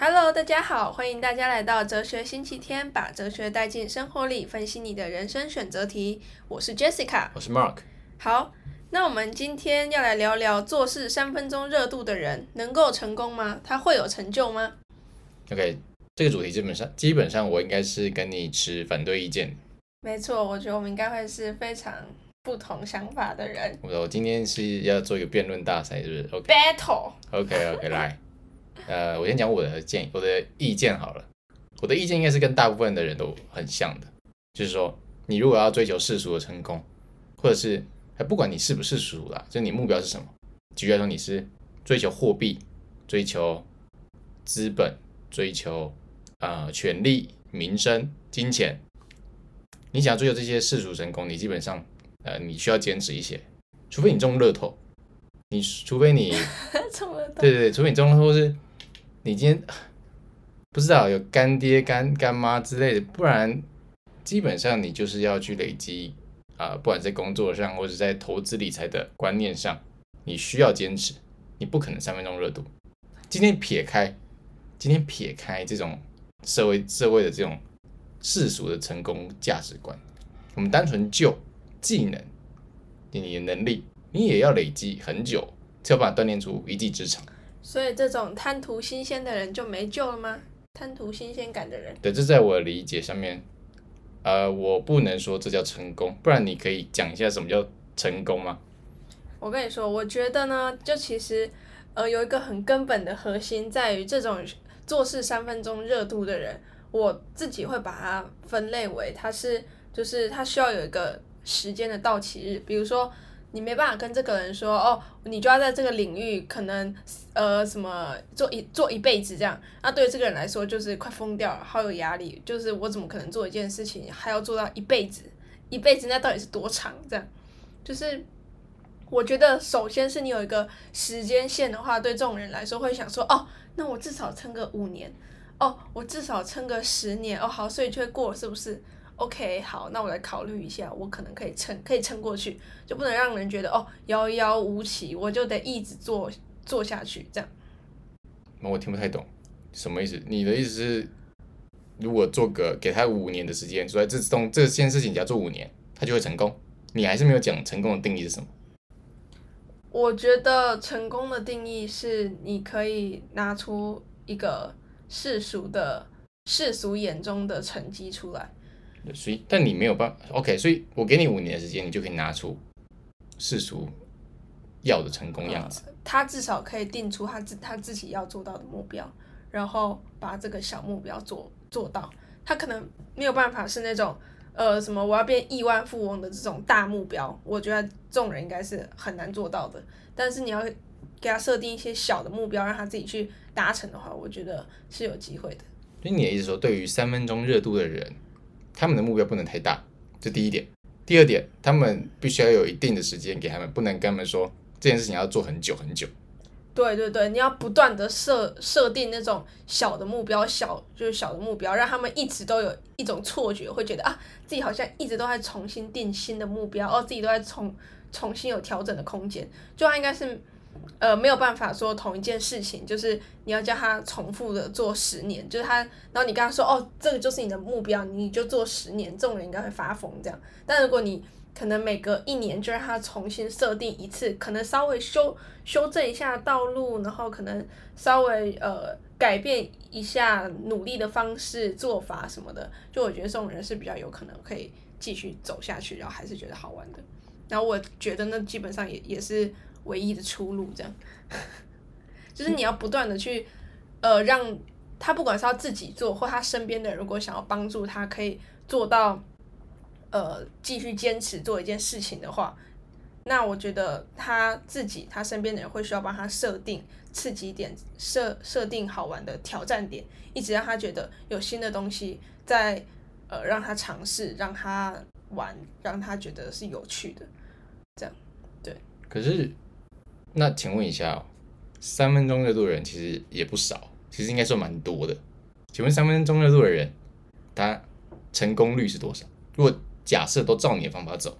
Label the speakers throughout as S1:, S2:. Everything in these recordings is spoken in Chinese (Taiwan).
S1: Hello，大家好，歡迎大家來到哲學星期天，把哲學帶進生活裡，分析你的人生選擇題。我是 Jessica，我是 Mark。好，那我們今天要來聊聊做事三分鐘熱度的人能夠成功嗎？他會有成就嗎
S2: ？OK，這個主題基本上基本上我應該是跟你持反對意見。
S1: 沒錯，我覺得我們應該會是非常不同想法的人。
S2: 我，我今天是要做一個辯論大賽，是不是？OK，Battle。OK OK，來。 呃，我先講我的建議，我的意見好了，我的意見應該是跟大部分的人都很像的，就是說，你如果要追求世俗的成功，或者是，不管你是不是世俗啦，就你目標是什麼？舉例來說，你是追求貨幣、追求資本、追求呃權力、名聲、金錢，你想要追求這些世俗成功，你基本上，呃，你需要堅持一些，除非你中樂透，你除非你
S1: 中 的對對對，
S2: 除非你中樂透是。你今天不知道、啊、有乾爹乾、乾乾媽之類的，不然基本上你就是要去累積啊、呃，不管在工作上或者在投資理財的觀念上，你需要堅持，你不可能三分鐘熱度。今天撇開，今天撇開這種社會社會的這種世俗的成功價值觀，我們單純就技能，你的能力，你也要累積很久，才有辦法鍛鍊出一技之長。
S1: 所以這種貪圖新鮮的人就沒救了嗎？貪圖新鮮感的人。對，
S2: 這在我的理解上面，呃，我不能說這叫成功，不然你可以講一下什麼叫成功嗎？
S1: 我跟你說，我覺得呢，就其實，呃，有一個很根本的核心在於這種做事三分鐘熱度的人，我自己會把它分類為它，他是就是他需要有一個時間的到期日，比如說。你沒辦法跟這個人說，哦，你就要在這個領域可能，呃，什麼做一做一輩子這樣，那、啊、對這個人來說就是快瘋掉了，好有壓力。就是我怎麼可能做一件事情還要做到一輩子？一輩子那到底是多長？這樣，就是我覺得首先是你有一個時間線的話，對這種人來說會想說，哦，那我至少撐個五年，哦，我至少撐個十年，哦，好，所以就會過是不是？OK，好，那我來考慮一下，我可能可以撐，可以撐過去，就不能讓人覺得哦，遙遙無期，我就得一直做做下去，這樣。
S2: 那我聽不太懂，什麼意思？你的意思是，如果做個給他五年的時間，做這種這件事情，只要做五年，他就會成功？你還是沒有講成功的定義是什麼？
S1: 我覺得成功的定義是，你可以拿出一個世俗的世俗眼中的成績出來。
S2: 所以，但你沒有辦法，OK？所以我給你五年的時間，你就可以拿出世俗要的成功樣子。
S1: 他至少可以定出他自他自己要做到的目標，然後把這個小目標做做到。他可能沒有辦法是那種呃什麼我要變億萬富翁的這種大目標，我覺得這種人應該是很難做到的。但是你要給他設定一些小的目標，讓他自己去達成的話，我覺得是有機會的。
S2: 所以你的意思說，對於三分鐘熱度的人？他們的目標不能太大，這第一點。第二點，他們必須要有一定的時間給他們，不能跟他們說這件事情要做很久很久。
S1: 對對對，你要不斷地設設定那種小的目標，小就是小的目標，讓他們一直都有一種錯覺，會覺得啊自己好像一直都在重新定新的目標，而、啊、自己都在重重新有調整的空間。就他應該是。呃，沒有辦法說同一件事情，就是你要叫他重複的做十年，就是他，然後你跟他說，哦，這個就是你的目標，你就做十年，這種人應該會發瘋這樣。但如果你可能每隔一年就讓他重新設定一次，可能稍微修修正一下道路，然後可能稍微呃改變一下努力的方式、做法什麼的，就我覺得這種人是比較有可能可以繼續走下去，然後還是覺得好玩的。然後我覺得那基本上也也是唯一的出路，這樣，
S2: 就是你要
S1: 不斷的去，呃，讓他不管是要自己做，或他身邊的人如果想要幫助他，可以做到，呃，繼續堅持做一件事情的話，那我覺得他自己他身邊的人會需要幫他設定刺激點，設設定好玩的挑戰點，一直讓他覺得有新的東西在，呃，讓他嘗試，讓他玩，讓他覺得是有趣的。這樣，
S2: 對。可是，那請問一下、哦，三分鐘熱度的人其實也不少，其實應該算蠻多的。請問三分鐘熱度的人，他成功率是多少？如果假設都照你的方法走，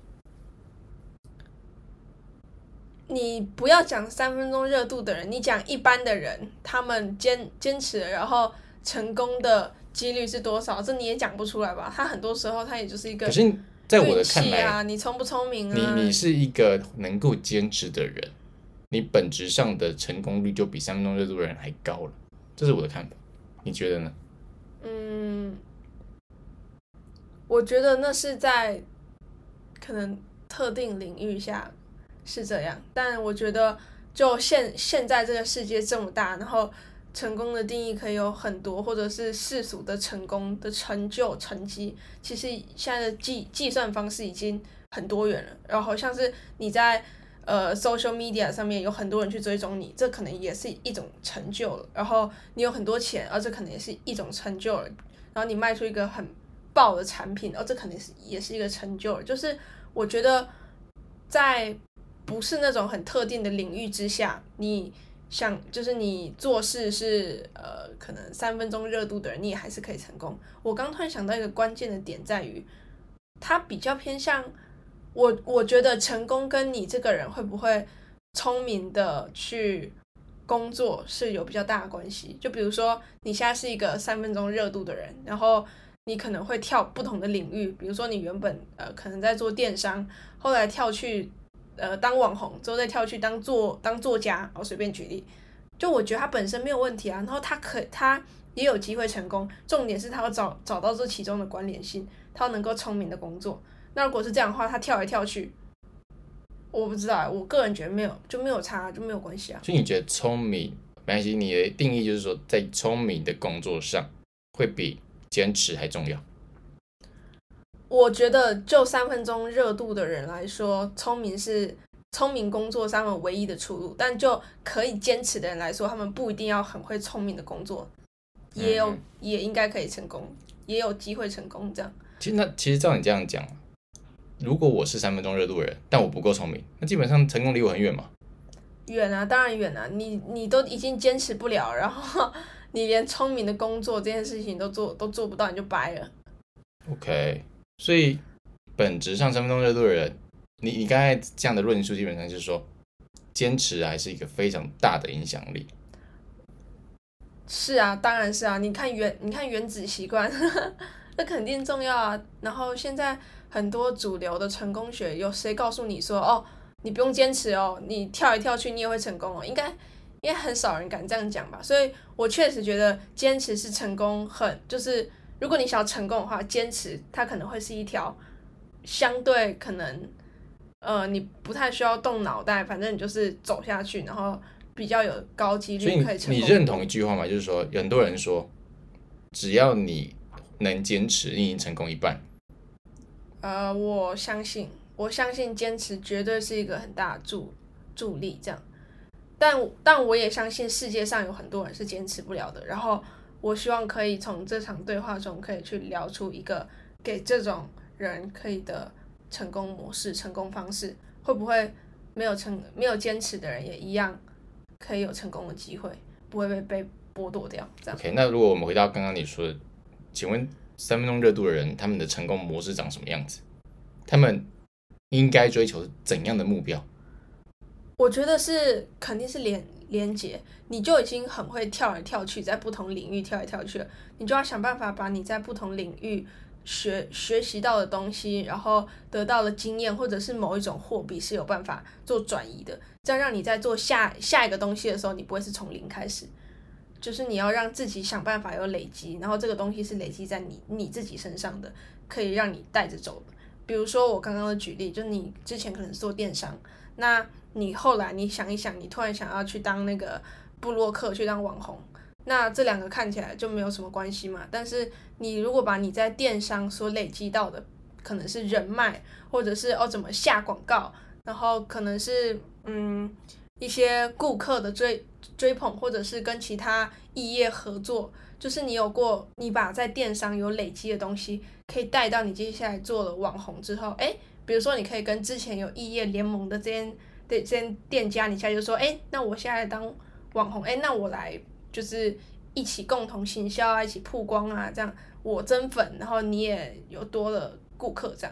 S1: 你不要講三分鐘熱度的人，你講一般的人，他們堅堅持然後成功的幾率是多少？這你也講不出來吧？他很多時候他也就是一個。
S2: 在我的看來，啊、
S1: 你聰不聰明啊？你你
S2: 是一個能夠堅持的人，你本質上的成功率就比三分鐘熱度的人還高了。這是我的看法，你覺得呢？嗯，
S1: 我覺得那是在可能特定領域下是這樣，但我覺得就現現在這個世界這麼大，然後。成功的定義可以有很多，或者是世俗的成功，的成就、成績。其實現在的計計算方式已經很多元了。然後，像是你在呃 social media 上面有很多人去追蹤你，這可能也是一種成就了。然後你有很多錢，而、哦、這可能也是一種成就了。然後你賣出一個很爆的產品，而、哦、這肯定是也是一個成就了。就是我覺得在不是那種很特定的領域之下，你。像就是你做事是呃，可能三分鐘熱度的人，你也還是可以成功。我剛突然想到一個關鍵的點，在於他比較偏向我，我覺得成功跟你這個人會不會聰明的去工作是有比較大的關係。就比如說，你現在是一個三分鐘熱度的人，然後你可能會跳不同的領域，比如說你原本呃可能在做電商，後來跳去。呃，當網紅之後再跳去當作當作家，我隨便舉例，就我覺得他本身沒有問題啊，然後他可他也有機會成功，重點是他要找找到這其中的關聯性，他要能夠聰明的工作。那如果是這樣的話，他跳來跳去，我不知道、啊，我個人覺得沒有就沒有差、啊、就沒有關係啊。所
S2: 以你覺得聰明沒關係？你的定義就是說，在聰明的工作上會比堅持還重要？
S1: 我覺得，就三分鐘熱度的人來說，聰明是聰明工作他們唯一的出路。但就可以堅持的人來說，他們不一定要很會聰明的工作，
S2: 也有、嗯、
S1: 也應該可以成功，也有機會成功。這樣。
S2: 其實那其實照你這樣講，如果我是三分鐘熱度的人，但我不夠聰明，那基本上成功離我很遠嘛。
S1: 遠啊，當然遠啊。你你都已經堅持不了，然後你連聰明的工作這件事情都做都做不到，你就掰了。
S2: OK。所以，本質上，三分鐘熱度的人，你你剛才這樣的論述，基本上就是說，堅持還是一個非常大的影響力。
S1: 是啊，當然是啊。你看原，你看原子習慣，那肯定重要啊。然後現在很多主流的成功學，有誰告訴你說，哦，你不用堅持哦，你跳一跳去，你也會成功哦？應該，因為很少人敢這樣講吧。所以我確實覺得，堅持是成功很，就是。如果你想要成功的話，堅持它可能會是一條相對可能，呃，你不太需要動腦袋，反正你就是走下去，然後比較有高幾率可以成功。你，你認同一
S2: 句話嗎？就是說，很多人說，只要你能堅持，你已經成功一半。
S1: 呃，我相信，我相信堅持絕對是一個很大的助助力。這樣，但但我也相信世界上有很多人是堅持不了的。然後。我希望可以從這場對話中可以去聊出一個給這種人可以的成功模式、成功方式，會不會沒有成、沒有堅持的人也一樣可以有成功的機會，不會被被剝奪掉？這樣。OK，那
S2: 如果我們回到剛剛你說的，請問三分鐘熱度的人，他們的成功模式長什麼樣子？他們應該追求怎樣的目標？
S1: 我覺得是肯定是連連接，你就已經很會跳來跳去，在不同領域跳來跳去了，你就要想辦法把你在不同領域學學習到的東西，然後得到的經驗，或者是某一種貨幣是有辦法做轉移的，這樣讓你在做下下一個東西的時候，你不會是從零開始，就是你要讓自己想辦法有累積，然後這個東西是累積在你你自己身上的，可以讓你帶着走。比如說我剛剛的舉例，就你之前可能是做電商。那你後來你想一想，你突然想要去當那個部落客，去當網紅。那這兩個看起來就沒有什麼關係嘛？但是你如果把你在電商所累積到的，可能是人脈，或者是哦怎麼下廣告，然後可能是嗯一些顧客的追追捧，或者是跟其他異業合作，就是你有過你把在電商有累積的東西，可以帶到你接下來做了網紅之後，哎。比如說，你可以跟之前有異業聯盟的這些、對，這些店家，你現在就說，哎，那我現在來當網紅，哎，那我來就是一起共同行銷啊，一起曝光啊，這樣我增粉，然後你也有多了顧客，這樣，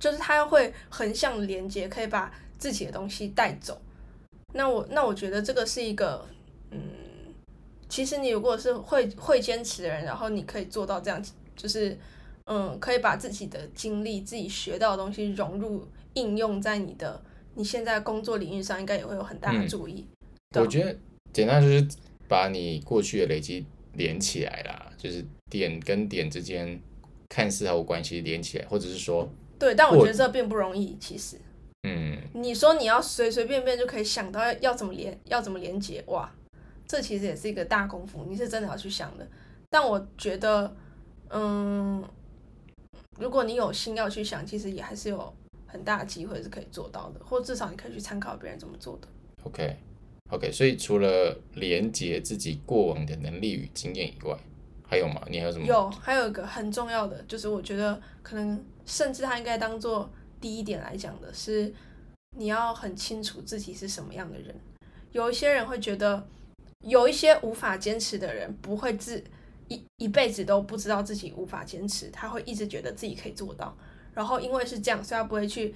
S1: 就是他會橫向連接，可以把自己的東西帶走。那我那我覺得這個是一個，嗯，其實你如果是會會堅持的人，然後你可以做到這樣子，就是。嗯，可以把自己的經歷、自己學到的東西融入應用在你的你現在工作領域上，應該也會有很大的助益。嗯、吧我覺
S2: 得簡單就是把你過去的累積連起來啦，就是點跟點之間看似毫無關係連起來，或者是說
S1: 對。但我覺得這並不容易，我其實嗯，你說你要隨隨便便就可以想到要怎麼連、要怎麼連接哇，這其實也是一個大功夫，你是真的要去想的。但我覺得，嗯。如果你有心要去想，其實也還是有很大的機會是可以做到的，或至少你可以去參考別人怎麼做的。
S2: OK，OK，、okay. okay, 所以除了連接自己過往的能力與經驗以外，還有嗎？你還有什麼？有，
S1: 還有一個很重要的，就是我覺得可能甚至他應該當做第一點來講的是，你要很清楚自己是什麼樣的人。有一些人會覺得，有一些無法堅持的人不會自。一一輩子都不知道自己無法堅持，他會一直覺得自己可以做到，然後因為是這樣，所以他不會去，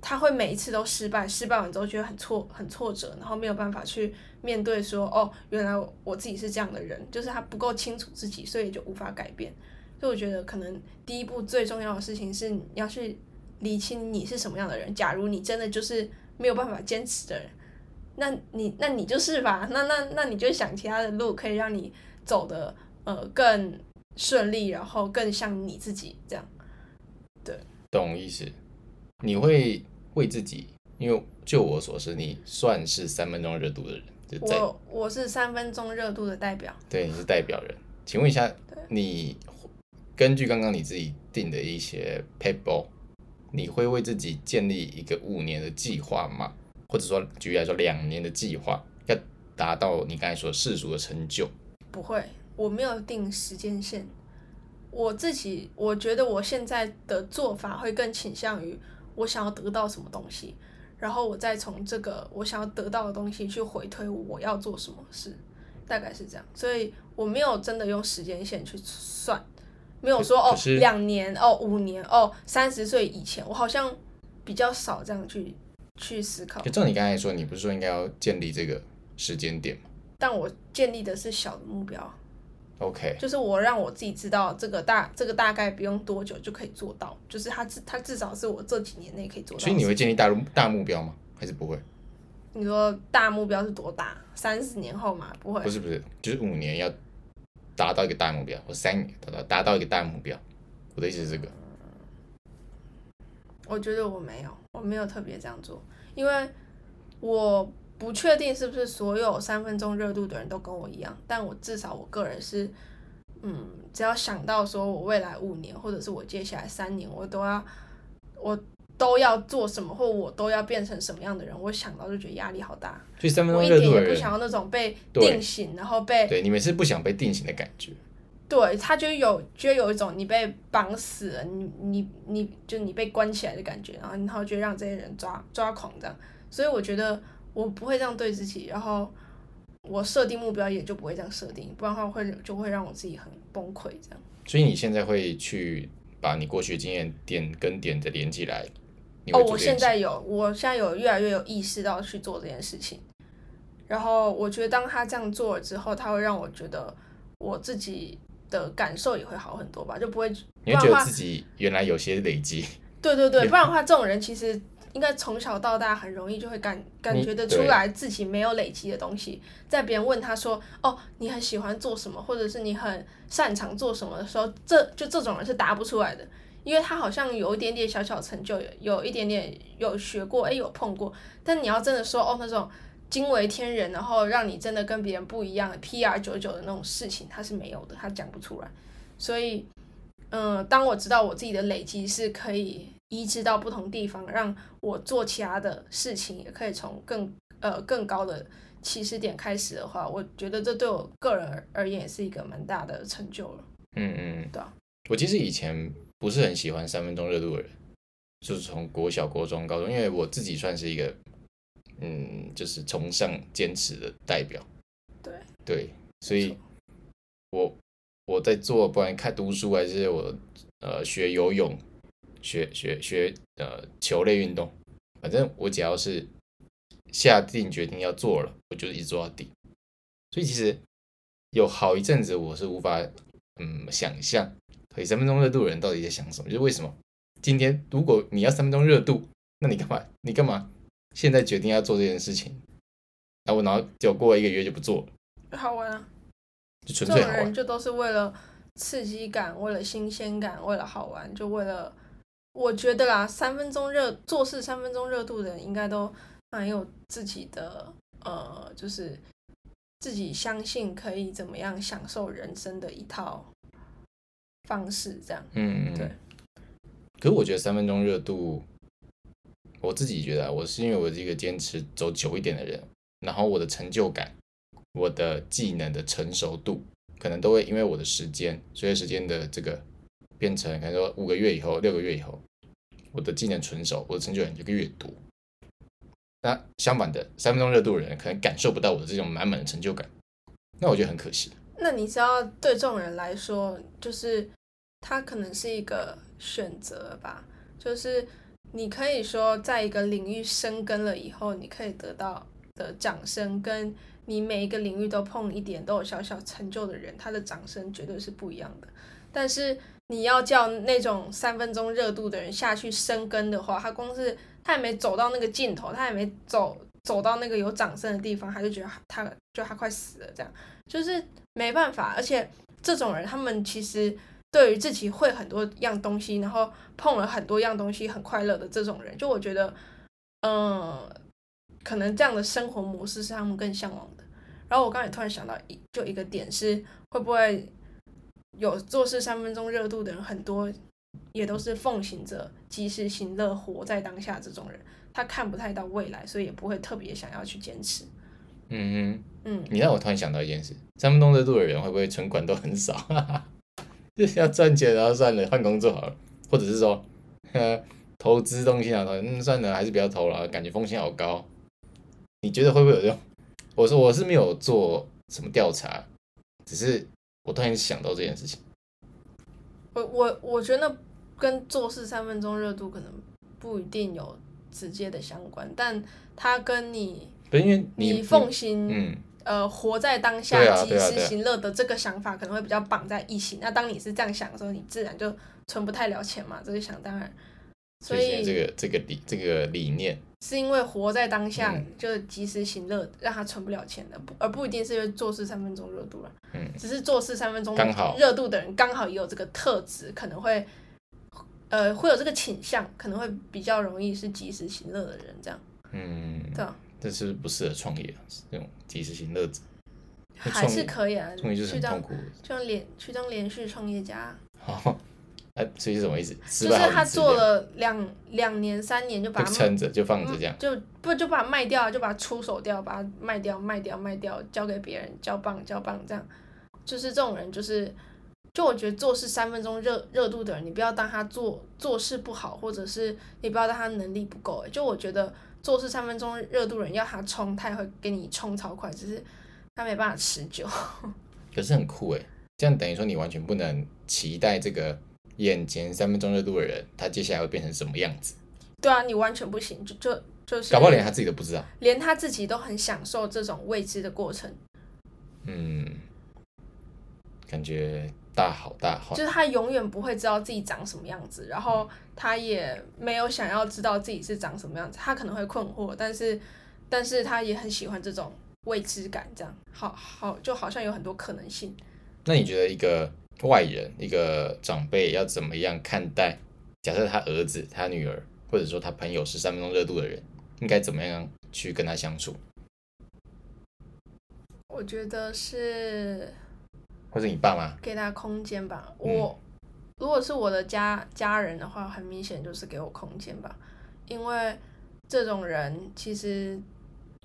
S1: 他會每一次都失敗，失敗完之後覺得很挫很挫折，然後沒有辦法去面對說，哦，原來我，我自己是這樣的人，就是他不夠清楚自己，所以就無法改變。所以我覺得可能第一步最重要的事情是你要去理清你是什麼樣的人。假如你真的就是沒有辦法堅持的人，那你那你就是吧，那那那你就想其他的路可以讓你走的，呃，更順利，然後更像你自己這樣，
S2: 對，懂意思。你會為自己，因為就我所知，你算是三分鐘熱度的人。我
S1: 我是三分鐘熱度的代表，
S2: 對，你是代表人。請問一下，對你根據剛剛你自己定的一些 payball 你會為自己建立一個五年的計劃嗎？或者說，舉例來說，兩年的計劃，要達到你剛才說世俗的成就，
S1: 不會。我沒有定時間線，我自己我覺得我現在的做法會更傾向於我想要得到什麼東西，然後我再從這個我想要得到的東西去回推我要做什麼事，大概是這樣，所以我沒有真的用時間線去算，沒有說是哦兩年哦五年哦三十歲以前，我好像比較少這樣去去思考。就照你
S2: 剛才說，你不是說應該要建立這個時間點嗎？
S1: 但我建立的是小的目標。OK，就是我讓我自己知道這個大這個大概不用多久就可以做到，就是他至他至少是我這幾年內可以做到。所以你會建
S2: 立大大目標嗎？還是不會？
S1: 你說大目標是多大？三十年後嗎？不會。不是
S2: 不是，就是五年要達到一個大目標，或三年達到達到一個大目標。我的意思是這個。
S1: 我覺得我沒有，我沒有特別這樣做，因為我。不確定是不是所有三分鐘熱度的人都跟我一樣，但我至少我個人是，嗯，只要想到說我未來五年，或者是我接下來三年，我都要，我都要做什麼，或我都要變成什麼樣的人，我想到就覺得壓力好大。所以三分鐘熱度，我一點也不想要那種被定型，對然後被對
S2: 你們是不想被定型的感覺。
S1: 對，他就有，就有一種你被綁死了，你你你就你被關起來的感覺，然後然後就讓這些人抓抓狂這樣。所以我覺得。我不會這樣對自己，然後我設定目標也就不會這樣設定，不然的話會就會讓我自己很崩潰這樣。
S2: 所以你現在會去把你過去的經驗點跟點的連起來？
S1: 哦，我現在有，我現在有越來越有意識到去做這件事情。然後我覺得當他這樣做了之後，他會讓我覺得我自己的感受也會好很多吧，就不會。因為覺得自己
S2: 原來有些累積。 對，
S1: 對對對，有不然的話，這種人其實。應該從小到大很容易就會感感覺得出來自己沒有累積的東西，在別人問他說：“哦，你很喜歡做什麼，或者是你很擅長做什麼的時候，這就這種人是答不出來的，因為他好像有一點點小小成就，有一點點有學過，哎，有碰過。但你要真的說哦，那種驚為天人，然後讓你真的跟別人不一樣的 PR 九九的那種事情，他是沒有的，他講不出來。所以，嗯，當我知道我自己的累積是可以移植到不同地方，讓我做其他的事情，也可以從更呃更高的起始點開始的話，我覺得這對我個人而言也是一個蠻大的成就了。嗯嗯，對啊，
S2: 我其實以前不是很喜歡三分鐘熱度的人，就是從國小、國中、高中，因為我自己算是一個嗯，就是崇尚堅持的代表。對對，所以，沒錯。我我在做，不管看讀書還是我呃學游泳。學學學呃球類運動，反正我只要是下定決定要做了，我就一直做到底。所以其實有好一陣子我是無法嗯想象，所以三分鐘熱度的人到底在想什麼？就是為什麼今天如果你要三分鐘熱度，那你幹嘛你幹嘛現在決定要做這件事情？那我然就過了一個月就不做了，好玩啊，就純粹，這種人
S1: 就都是為了刺激感，為了新鮮感，為了好玩，就為了。我覺得啦，三分鐘熱做事三分鐘熱度的人，應該都還有自己的呃，就是自己相信可以怎麼樣享受人生的一套方式，這樣。
S2: 嗯嗯，對、嗯。可是我覺得三分鐘熱度，我自己覺得我是因為我是一個堅持走久一點的人，然後我的成就感、我的技能的成熟度，可能都會因為我的時間，隨着時間的這個。變成可能說五個月以後、六個月以後，我的技能純熟，我的成就感就越多。那相反的，三分鐘熱度的人可能感受不到我的這種滿滿的成就感，那我覺得很可惜。
S1: 那你知道，對這種人來說，就是他可能是一個選擇吧。就是你可以說，在一個領域生根了以後，你可以得到的掌聲，跟你每一個領域都碰一點都有小小成就的人，他的掌聲絕對是不一樣的。但是。你要叫那種三分鐘熱度的人下去生根的話，他光是他也沒走到那個盡頭，他也沒走走到那個有掌聲的地方，他就覺得他，他就他快死了，這樣就是沒辦法。而且這種人，他們其實對於自己會很多樣東西，然後碰了很多樣東西很快樂的這種人，就我覺得，嗯、呃，可能這樣的生活模式是他們更向往的。然後我剛才突然想到一就一個點是會不會。有做事三分鐘熱度的人很多，也都是奉行着及時行樂、活在當下這種人。他看不太到未來，所以也不會特別想要去堅持。嗯嗯，嗯，你讓我
S2: 突然想到一件事：三分鐘熱度的人會不會存款都很少？哈哈，就是要賺錢，然後算了，換工作好了，或者是說投資東西啊，嗯，算了，還是不要投了，感覺風險好高。你覺得會不會有用？我說我是沒有做什麼調查，只是。我突然想到這件事情，
S1: 我我我覺得跟做事三分鐘熱度可能不一定有直接的相關，但他跟
S2: 你，你，你奉行，嗯，
S1: 呃，活在當下，及時行樂的這個想法可能會比較綁在一起。啊啊啊、那當你是這樣想的時候，你自然就存不太了錢嘛，這個想當然。所以，所以這個
S2: 這個理這個理念。
S1: 是因為活在當下，就及時行樂，嗯、讓他存不了錢的，不而不一定是因為做事三分鐘熱度了、啊。嗯，只是做事三分鐘熱度的人，剛好也有這個特質，好可能會，呃，會有這個傾向，可能會比較容易是及時行樂的人這樣。
S2: 嗯，對吧。這是不適合創業啊，是這種及時行樂者還是可以啊，終於就是很痛苦，
S1: 去去連去當連續創業家好。哦
S2: 哎、啊，所以是什麼意思？就是他做了
S1: 兩兩年、三年就就就就，就把它撐着，就放着這樣，就不就把它賣掉，就把它出手掉，把它賣掉、賣掉、賣掉，交給別人，交棒、交棒這樣。就是這種人，就是就我覺得做事三分鐘熱熱度的人，你不要當他做做事不好，或者是你不要當他能力不夠、欸。就我覺得做事三分鐘熱度的人，要他衝，他也會給你衝超快，只是他沒辦法持久。
S2: 可是很酷誒、欸，這樣等於說你完全不能期待這個。眼前三分鐘熱度的人，他接下來會變成什麼樣子？
S1: 對啊，你完全不行，就就就是搞不好連他
S2: 自己都不知道，
S1: 連他自己都很享受這種未知的過程。嗯，
S2: 感覺大好大壞，就是
S1: 他永遠不會知道自己長什麼樣子，然後他也沒有想要知道自己是長什麼樣子，他可能會困惑，但是但是他也很喜歡這種未知感，這樣好好就好像有很多可能性。
S2: 那你覺得一個？外人一個長輩要怎麼樣看待？假設他兒子、他女兒，或者說他朋友是三分鐘熱度的人，應該怎麼樣去跟他相處？
S1: 我覺得是，
S2: 或者你爸媽
S1: 給他空間吧。我、嗯、如果是我的家家人的話，很明顯就是給我空間吧，因為這種人其實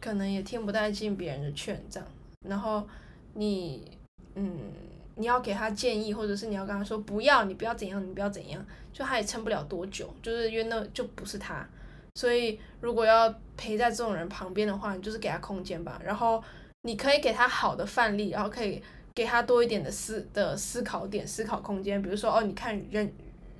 S1: 可能也聽不太進別人的勸，這樣。然後你嗯。你要給他建議，或者是你要跟他說不要，你不要怎樣，你不要怎樣，就他也撐不了多久，就是因為那就不是他，所以如果要陪在這種人旁邊的話，你就是給他空間吧，然後你可以給他好的範例，然後可以給他多一點的思的思考點、思考空間，比如說哦，你看人人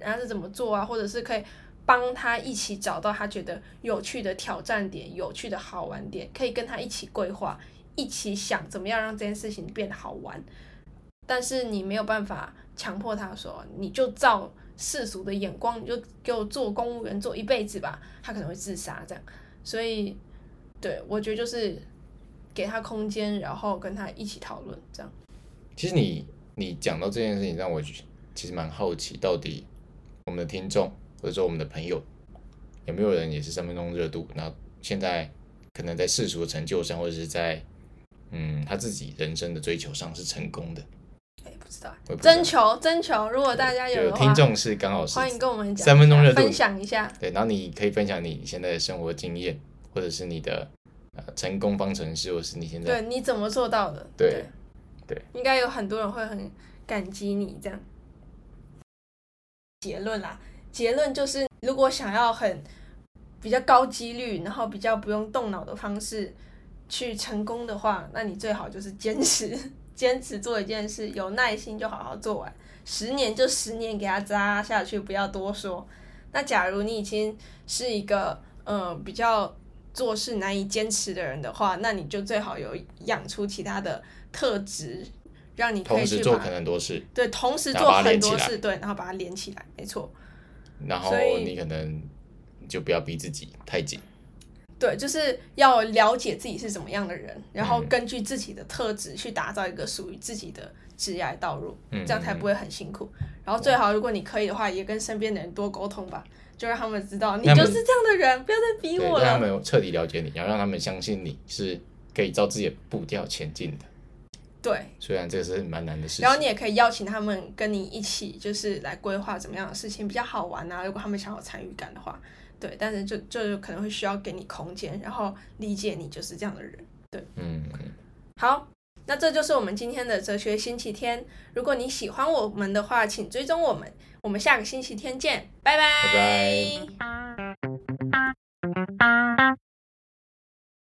S1: 家是怎麼做啊，或者是可以幫他一起找到他覺得有趣的挑戰點、有趣的好玩點，可以跟他一起規劃，一起想怎麼樣讓這件事情變得好玩。但是你沒有辦法強迫他說，你就照世俗的眼光，你就給我做公務員做一輩子吧，他可能會自殺這樣。所以，對，我覺得就是給他空間，然後跟他一起討論這樣。
S2: 其實你你講到這件事情，讓我其實蠻好奇，到底我們的聽眾或者說我們的朋友，有沒有人也是三分鐘熱度，那現在可能在世俗的成就上，或者是在嗯他自己人生的追求上是成功的？
S1: 徵求徵求，徵求，如果大家有聽眾
S2: 是剛好是，歡迎跟
S1: 我們講三分鐘熱度，分享一下。
S2: 對，然後你可以分享你現在的生活經驗，或者是你的成功方程式，或是你現在對
S1: 你怎麼做到的。
S2: 對，對
S1: 對，應該有很多人會很感激你這樣。結論啦，結論就是，如果想要很比較高幾率，然後比較不用動腦的方式去成功的話，那你最好就是堅持。堅持做一件事，有耐心就好好做完，十年就十年給它扎下去，不要多說。那假如你已經是一個呃比較做事難以堅持的人的話，那你就最好有養出其他的特質，讓你可以去同時做可能多事，對，同時做很多事，對，然後把它連起來，沒錯。然後你可能
S2: 就不要逼自己太緊。
S1: 對，就是要了解自己是怎麼樣的人，然後根據自己的特質去打造一個屬於自己的職業道路，這樣才不會很辛苦。然後最好，如果你可以的話，也跟身邊的人多溝通吧，就讓他們知道你就是這樣的人，不要再逼我了。讓他們
S2: 徹底了解你，然後讓他們相信你是可以照自己的步調前進的。對，雖然這是蠻難的事情。然後你也可
S1: 以邀請他們跟你一起，就是來規劃怎麼樣的事情比較好玩啊。如果他們想有參與感的話。對，但是就就可能會需要給你空間，然後理解你就是這樣的人。對，嗯，好，那這就是我們今天的哲學星期天。如果你喜歡我們的話，請追蹤我們，我們下個星期天見，拜拜。拜拜。